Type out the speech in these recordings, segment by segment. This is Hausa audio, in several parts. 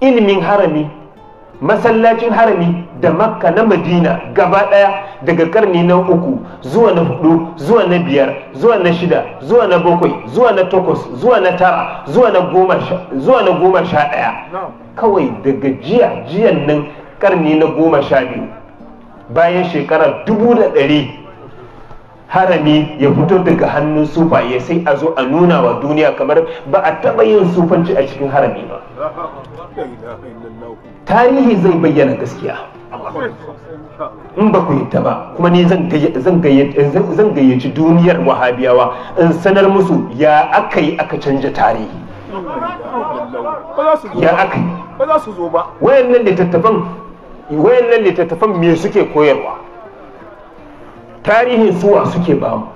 ilimin harami masallacin harami da makka na madina gaba ɗaya daga karni na uku zuwa na hudu zuwa na biyar zuwa na shida zuwa na bakwai zuwa na takwas zuwa na tara zuwa na goma sha ɗaya kawai daga jiya jiyan nan karni na goma sha biyu bayan shekarar dubu da ɗari harami ya fito daga hannun sufa ya sai a zo a nuna wa duniya kamar ba a taɓa yin sufanci a cikin harami ba tarihi zai bayyana gaskiya in ba ku yi ta ba kuma ne zan gayyaci duniyar wahabiyawa in sanar musu ya aka yi aka canja tarihi ya aka yi wayannan littattafan me suke koyarwa tarihin suwa suke ba mu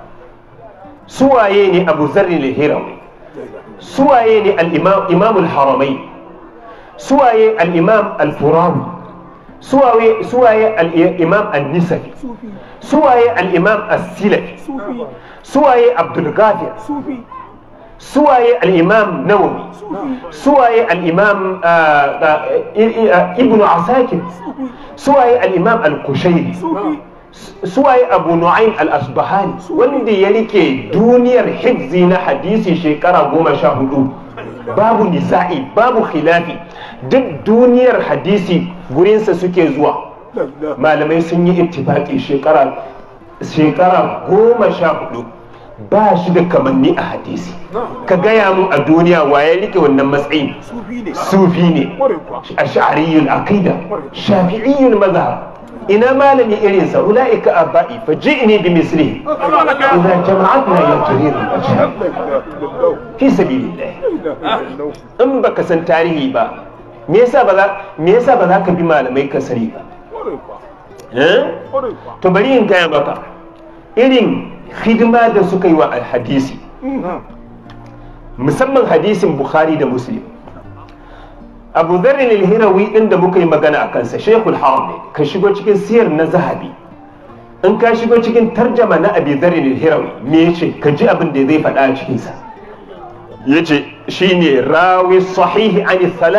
suwaye ne abu zarri hiram suwaye ne al-Imam Imam al-Haramain suwaye al'imam al-turawi suwaye al'imam al-nisafi imam suwaye al'imam al-silafi suwaye abdulgafir suwaye al-Imam nawawi suwaye al-Imam ibn asakir suwaye al'imam al-kushairi suwaye abu nu'aim al-asbahani wanda ya rike duniyar hifzi na hadisi shekara goma sha hudu babu nisa'i, babu khilafi duk duniyar hadisi gurinsa suke zuwa malamai sun yi ittifaki shekara shekara goma sha hudu ba shi da kamanni a hadisi ka gaya mu a duniya waye rike wannan matsayin sufi ne a sha'ariyun akida shafi'iyyun mazhab ina malami irin sa ulaika abai fa ji'ni bi misri idan jama'atna yankirin fi sabilillah in baka san tarihi ba me yasa ba za me yasa ba za ka bi malamai ka sani ba eh? to bari in gaya maka irin hidima da suka yi wa alhadisi musamman hadisin bukhari da muslim abu zarin al-hirawi din da muka yi magana a kansa shekul haram ne ka shigo cikin siyar na zahabi in ka shigo cikin tarjama na abu zarin al-hirawi me ce ka ji abin da zai faɗa a ya ce yace ne rawi sahihi an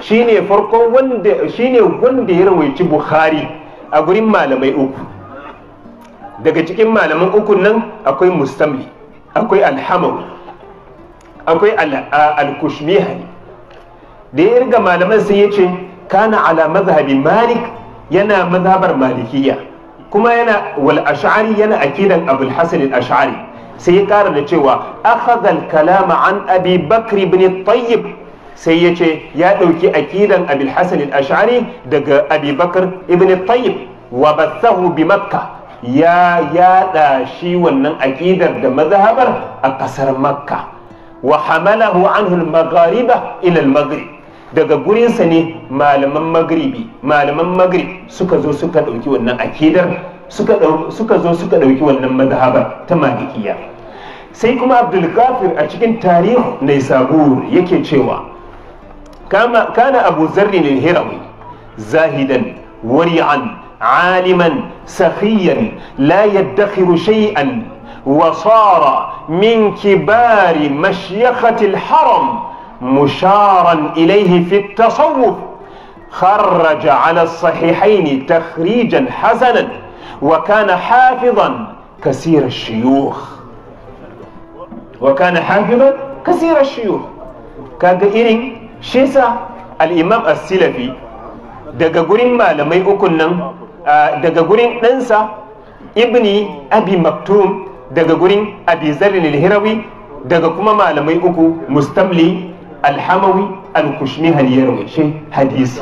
shi ne farko wanda shine wanda ya rawaici bukhari a gurin malamai uku daga cikin malaman uku nan akwai mustamli akwai alhamawi akwai al da ya riga malaman sai ya ce kana ala mazhabi malik yana mazhabar malikiya kuma yana wal ash'ari yana akidan abul hasan al ash'ari sai ya kara da cewa akhadha al kalama an abi bakr ibn tayyib sai ya ce ya dauki akidan abul hasan al ash'ari daga abi bakr ibn tayyib wa bathahu bi makkah ya yada shi wannan akidar da mazhabar a kasar makka wa hamalahu anhu al-maghariba ila al-maghrib daga gurin sa ne malaman magribi malaman magrib suka zo suka dauki wannan akidar suka suka zo suka dauki wannan madhhabar ta malikiya sai kuma abdul kafir a cikin tarihi na sabur yake cewa kama kana abu zarri ne hirawi zahidan wari'an aliman sakhiyan la yaddakhiru shay'an wa sara min kibari mashyakhati haram مشارا إليه في التصوف خرج على الصحيحين تخريجا حسنا وكان حافظا كثير الشيوخ وكان حافظا كثير الشيوخ كان إيرين شيسا الإمام السلفي دقاقورين ما لم يؤكنن آه، دقاقورين ننسى ابن أبي مكتوم دقاقورين أبي زرين الهروي دقاقوما ما لم يؤكو مستملي alhamawi alkushmi haliyar wuce hadisi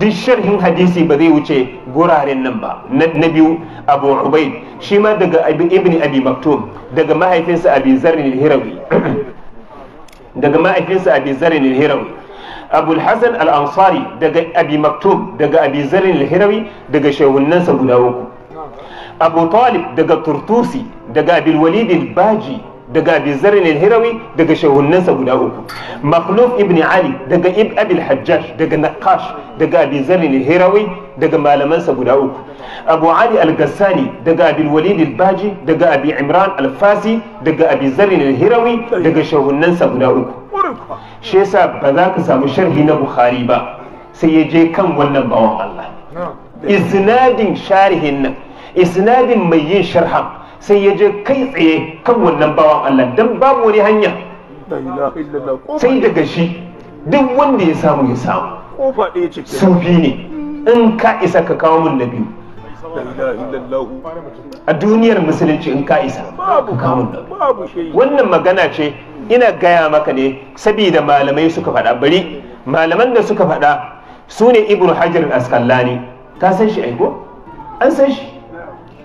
duk sharhin hadisi ba zai wuce guraren nan ba na biyu abu ubaid shi ma daga ibn abi maktum daga mahaifinsa abi zarrin hirawi daga mahaifinsa abi hirawi abu hasan al-ansari daga abi maktum daga abi zarrin hirawi daga shehunansa guda uku abu talib daga turtusi daga abil walid baji daga Abi Zarrin hirawi daga shahunnansa guda uku Makhluf ibn Ali daga Ibn hajjaj daga Naqash daga Abi Zarrin hirawi daga malamansa guda uku Abu Ali al daga Abi Walid al-Baji daga Abi Imran al-Fasi daga Abi Zarrin hirawi daga shahunnansa guda uku shi yasa ba za ka samu sharhi na Bukhari ba sai ya je kan wannan bawan Allah isnadin sharhin nan isnadin mai yin sharhan sai ya je kai tsaye kan wannan bawan Allah dan babu wani hanya sai daga shi duk wanda ya samu ya samu sufi ne in ka isa ka kawo mun na biyu a duniyar musulunci in ka isa ka kawo mun na biyu wannan magana ce ina gaya maka ne saboda malamai suka faɗa bari malaman da suka faɗa su ne ibn hajar al-askallani ka san shi aiko an san shi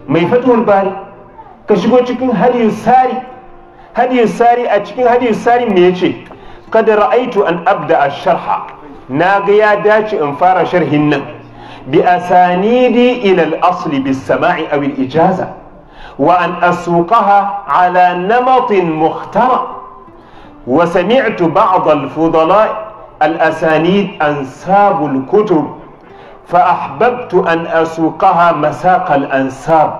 mai fatuwar bari ka shigo cikin hadiyar sari hadiyar sari a cikin hadiyar sari me yace kad ra'aitu an abda ash-sharha na ga ya dace in fara sharhin nan bi asanidi ila al asl bis sama'i aw al-ijaza wa an asuqaha ala namat mukhtara wa sami'tu ba'd al-fudala الأسانيد أنساب الكتب فأحببت أن أسوقها مساق الأنساب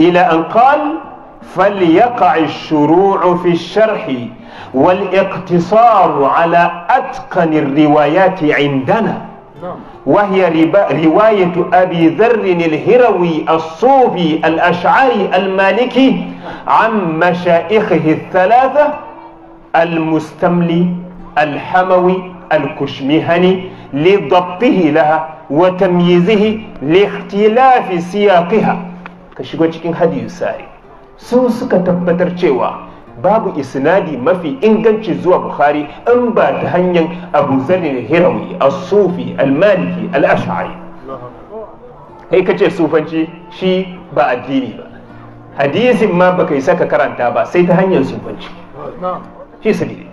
إلى أن قال فليقع الشروع في الشرح والاقتصار على أتقن الروايات عندنا نعم. وهي رواية أبي ذر الهروي الصوفي الأشعري المالكي عن مشائخه الثلاثة المستملي الحموي الكشمهني لضبطه لها وتمييزه لاختلاف سياقها ka shigo cikin hadiyu sari sun suka tabbatar cewa babu isnadi mafi inganci zuwa bukhari in ba ta hanyar abu da hirawi Asufi, sufi almaliki al'ashari ka ce sufanci shi ba addini ba hadisin ma baka yi saka karanta ba sai ta hanyar sufanci shi sabili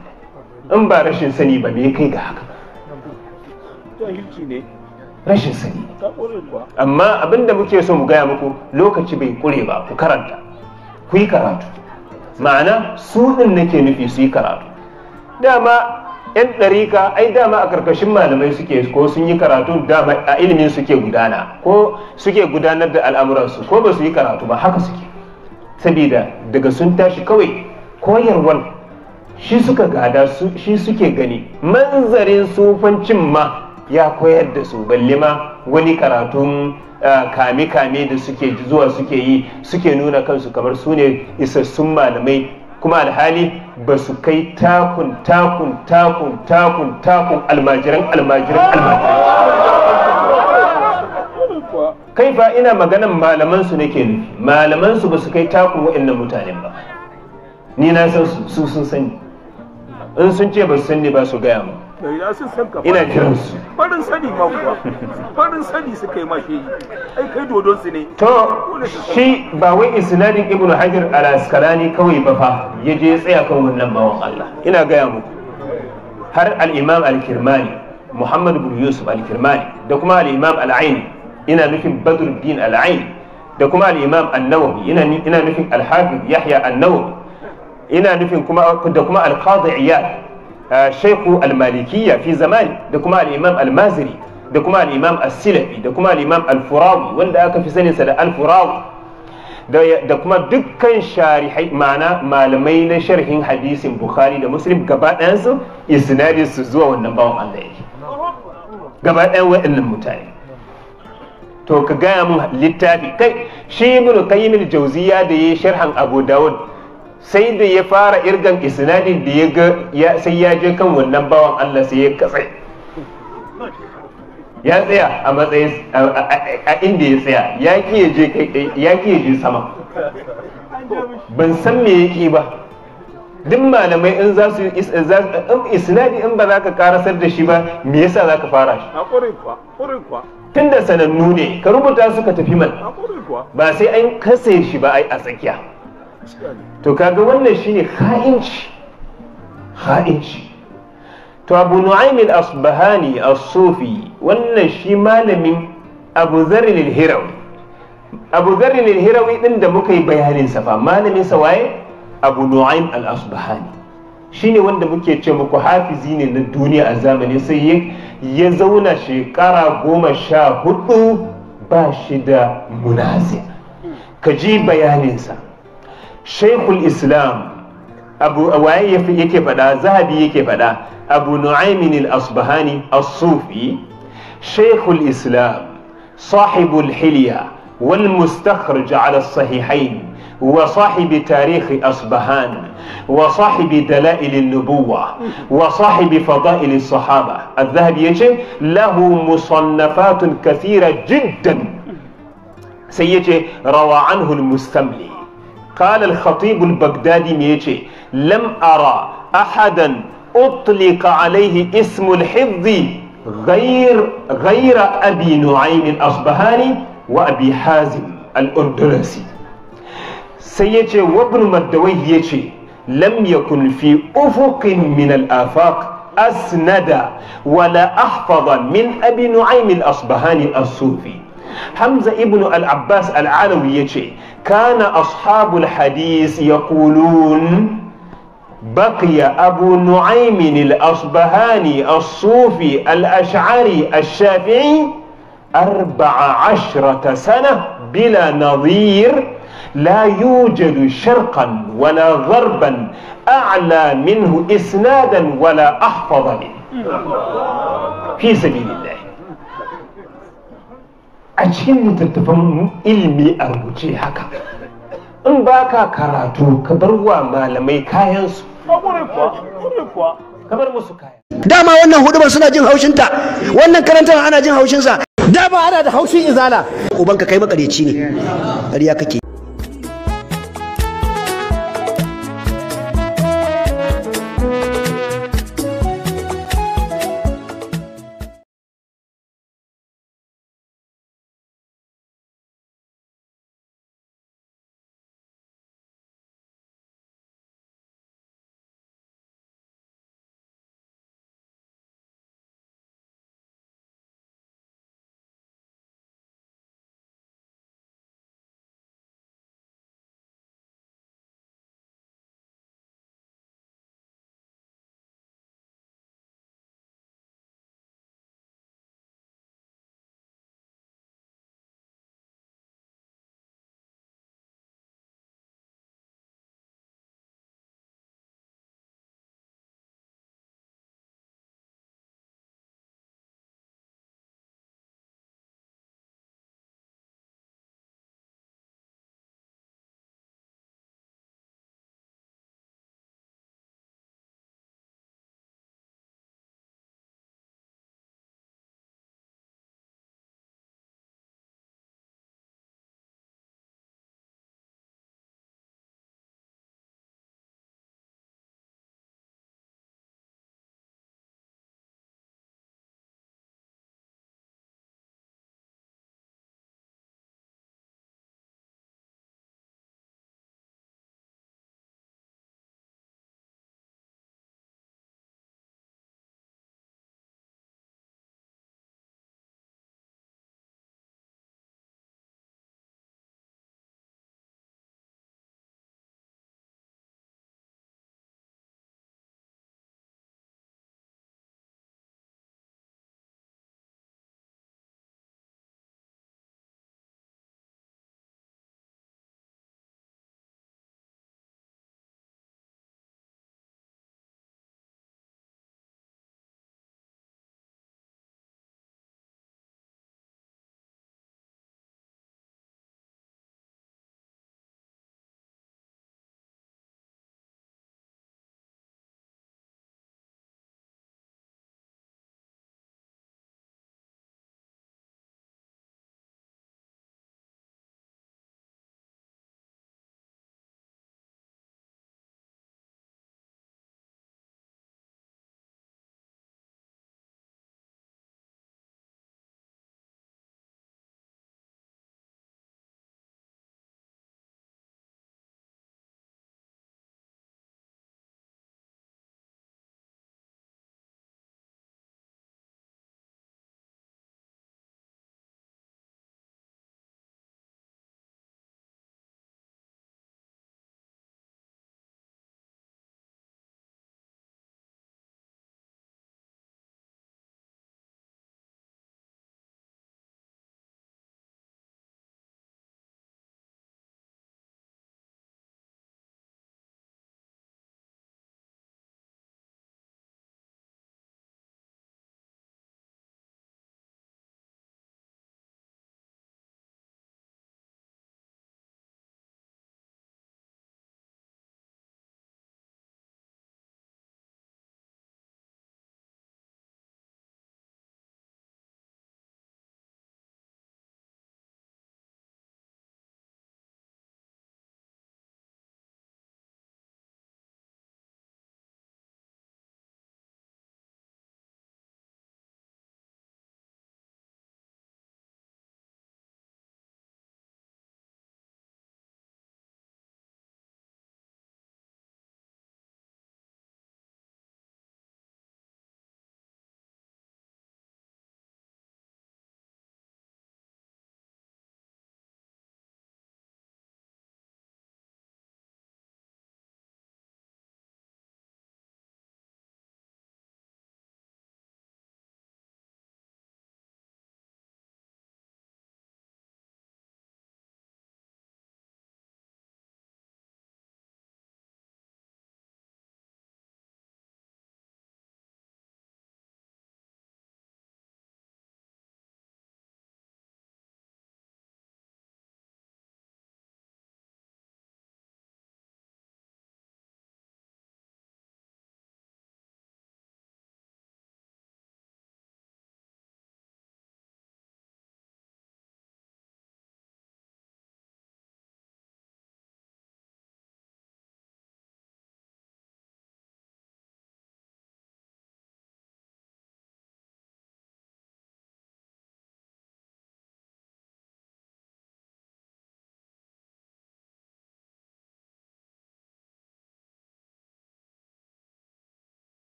in ba rashin sani ba me kai ga haka rashin sani amma abinda muke so mu gaya muku lokaci bai kure ba ku karanta ku yi karatu ma'ana su ɗin nake nufi su yi karatu dama yan ɗarika ai dama a karkashin malamai suke ko sun yi karatu dama a ilimin suke gudana ko suke gudanar da al'amuransu ko ba su yi karatu ba haka suke sabida daga sun tashi kawai koyarwar shi suka gada shi suke gani manzarin sufancin ma ya koyar da su balle ma wani karatun eh, kame-kame da suke zuwa suke yi suke nuna kansu kamar su ne isassun malamai kuma alhali ba su kai takun takun takun takun takun almajiran almajiran almajiran kai fa ina maganan malamansu nake nufi malamansu ba su kai takun waɗannan mutanen ba ni na san su sun sani in sun ce ba su sani ba su gaya mu ina sun san ka ina kiran su farin sani ma kuwa farin sani suka yi mashi ai kai dodon su ne to shi ba wai isnadin ibn hajar ala asqalani kawai ba fa yaje ya tsaya kan wannan bawan Allah ina gaya muku har al imam al kirmani muhammad ibn yusuf al kirmani da kuma al imam al aini ina nufin badruddin al aini da kuma al imam an nawawi ina ina nufin al hafiz yahya an nawawi ina nufin kuma da kuma al qadi iyad shaikhu al-malikiyya fi zamani da kuma al-imam al-maziri da kuma al-imam as-silafi da kuma al-imam al-furawi wanda aka fi sa da al-furawi da kuma dukkan sharihai ma'ana malamai na sharhin hadisin bukhari da muslim gaba ɗayansu isnadin su zuwa wannan bawan Allah yake gaba ɗayan wa'annan mutane to ka gaya mun littafi kai shi ibnu qayyim al-jawziya da yayi sharhan abu dawud sai da ya fara irgan isnadin da ya ga sai ya je kan wannan bawan Allah sai ya katse ya tsaya a matsayin a inda ya tsaya ya ki ya je ya ki ya je sama ban san me yake ba duk malamai in za su isnadi in ba za ka karasar da shi ba me yasa za ka fara shi tun da sanannu ne ka rubuta suka tafi man ba sai an kase shi ba ai a tsakiya to kaga wannan shine ha'inci ha'inci to abu nu'aym al-asbahani as-sufi wannan shi malamin abu dharr al-hirawi abu dharr al-hirawi din da muka yi bayanin sa fa malamin sa waye abu nu'aym al-asbahani shine wanda muke ce muku hafizi ne na duniya a zamanin sai ya zauna shekara goma sha hudu ba shi da munazir ka ji bayaninsa شيخ الإسلام أبو أوايف يكفدا زهبي يكفدا أبو نعيم الأصبهاني الصوفي شيخ الإسلام صاحب الحلية والمستخرج على الصحيحين وصاحب تاريخ أصبهان وصاحب دلائل النبوة وصاحب فضائل الصحابة الذهبي يجب له مصنفات كثيرة جدا سيجي روى عنه المستملي قال الخطيب البغدادي ميتشي لم أرى أحدا أطلق عليه اسم الحفظ غير غير أبي نعيم الأصبهاني وأبي حازم الأندلسي سيتشي وابن مدويه يتشي لم يكن في أفق من الآفاق أسند ولا أحفظ من أبي نعيم الأصبهاني الصوفي حمزة ابن العباس العلوي يتشي كان أصحاب الحديث يقولون بقي أبو نعيم الأصبهاني الصوفي الأشعري الشافعي أربع عشرة سنة بلا نظير لا يوجد شرقا ولا غربا أعلى منه إسنادا ولا أحفظ منه في سبيل الله a cikin littattafan ilimi a rubuce haka in ba ka karatu ka bar wa malamai kayansu kamar musu kayan dama wannan hudubar suna jin haushinta wannan karantar ana jin haushinsa dama ana da haushin izala ubanka kai makareci ne ƙarya kake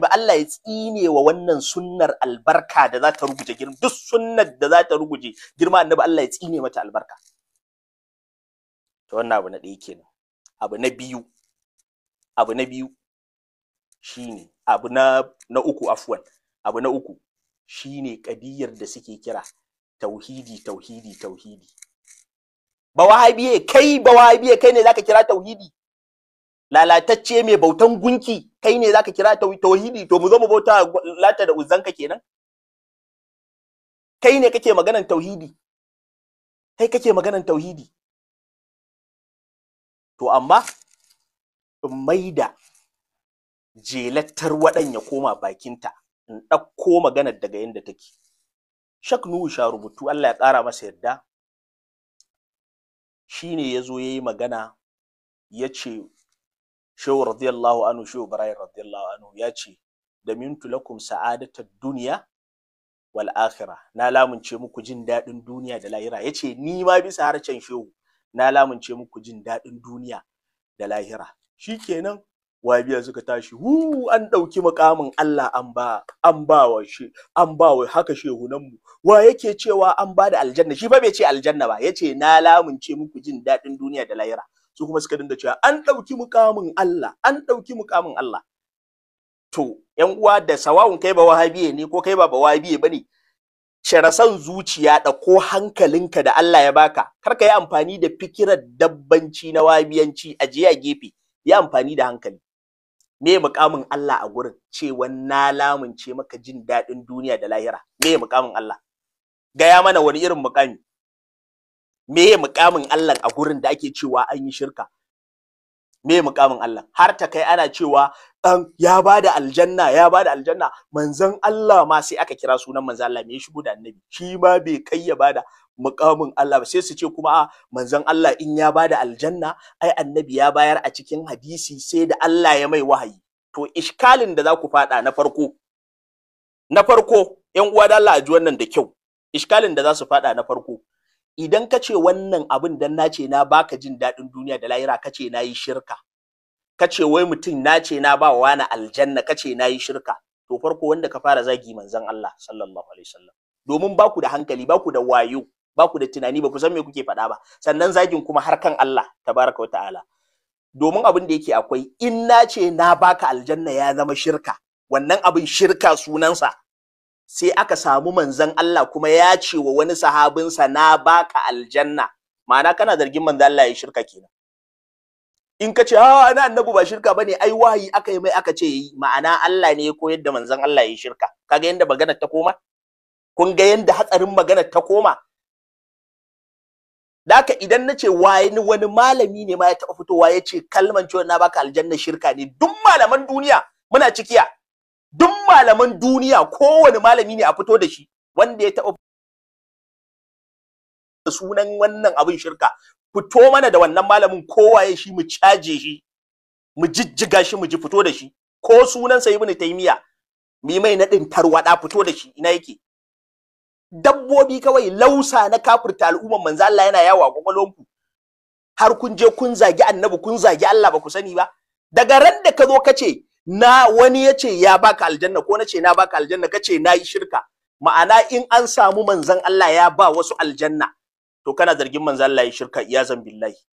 ba Allah ya tsine wa wannan sunnar albarka da za ta ruguje girma duk sunnar da za ta ruguje girma annabi Allah ya tsine mata albarka to wannan abu na ɗaya kenan abu na biyu abu na biyu shine abu na na uku afwan abu na uku shine kadiyar da suke kira tauhidi tauhidi tauhidi bawahabiye kai bawahabiye kai ne zaka kira tauhidi lalatacce mai bautan gunki kai ne zaka kira ta tauhidi to mu zo mu bauta lata da uzanka kenan kai ne kake maganan tauhidi kai kake maganan tauhidi to amma in maida jelattar waɗan ya koma bakinta in ɗauko maganar daga yadda take shak nuhu sha rubutu Allah ya ƙara masa yarda shine ya zo ya yi magana ya ce shehu radiyallahu anhu shehu ibrahim radiyallahu anhu ya ce da mintu lakum sa'adatar duniya wal akhira na lamunce muku jin daɗin duniya da lahira ya ce ni ma bisa harshen shehu na lamunce muku jin daɗin duniya da lahira Shi kenan wabiya suka tashi hu an ɗauki makamin Allah an ba wa shi an ba wa haka nan mu wa yake cewa an ba da aljanna shi fa bai ce aljanna ba yace na lamunce muku jin daɗin duniya da lahira su kuma suka dinga cewa an ɗauki mukamin Allah an ɗauki mukamin Allah to yan uwa da sawawun kai ba wahabiye ne ko kai ba ba wahabiye bane cire son zuciya da ko hankalinka da Allah ya baka kar ka yi amfani da fikirar dabbanci na wahabiyanci a a gefe yi amfani da hankali me mukamin Allah a gurin cewa na lamunce maka jin daɗin duniya da lahira me mukamin Allah gaya mana wani irin mukami meye mukamin Allah a gurin da ake cewa an yi shirka me mukamin Allah har ta kai ana cewa dan ya bada aljanna ya bada aljanna manzon Allah ma sai aka kira sunan manzon Allah me ya shigo da annabi shi ma bai kai ya bada mukamin Allah ba sai su ce kuma a manzon Allah in ya bada aljanna ai annabi ya bayar a cikin hadisi sai da Allah ya mai wahayi to ishkalin da za ku fada na farko na farko ƴan uwa da Allah ji wannan da kyau ishkalin da za su fada na farko idan ka ce wannan abin dan na ce na baka jin daɗin duniya da lahira ka ce na yi shirka ka ce wai mutum na ce na ba wa na aljanna ka ce na yi shirka to farko wanda ka fara zagi manzon Allah sallallahu alaihi wasallam domin ba ku da hankali ba ku da wayo ba ku da tunani ba ku san me kuke faɗa ba sannan zagin kuma har Allah tabaraka wa ta'ala domin abin da yake akwai in na ce na baka aljanna ya zama shirka wannan abin shirka sunansa sai aka samu manzan Allah kuma ya ce wa wani sahabinsa na baka aljanna ma'ana kana zargin manzan Allah ya shirka kenan in ka ce ha ah, ana annabi ba shirka bane ai wahayi aka yi mai aka ce yi ma'ana Allah ne ya koyar da manzan Allah ya shirka kaga yanda magana ta koma kun ga yanda hatsarin magana ta koma Daka idan na ce wani wani malami ne ma ya taɓa fitowa ya ce kalman cewa na baka aljanna shirka ne duk malaman duniya muna cikiya duk malaman duniya kowane malami ne a fito da shi wanda ya taɓa sunan wannan abin shirka fito mana da wannan malamin kowaye shi mu caje shi mu jijjiga shi mu ji fito da shi ko sunan sa ibnu taymiya mi mai nadin tarwada fito da shi ina yake dabbobi kawai lausa na kafirta al'umman manzo Allah yana yawo a ku. har kun je kun zagi annabi kun zagi Allah ba ku sani ba daga ran da ka zo ka ce na wani ya ce ya baka aljanna ko na ce na baka aljanna ka ce na yi shirka ma'ana in an samu manzan Allah ya ba wasu aljanna to kana zargin manzan Allah ya shirka zan billahi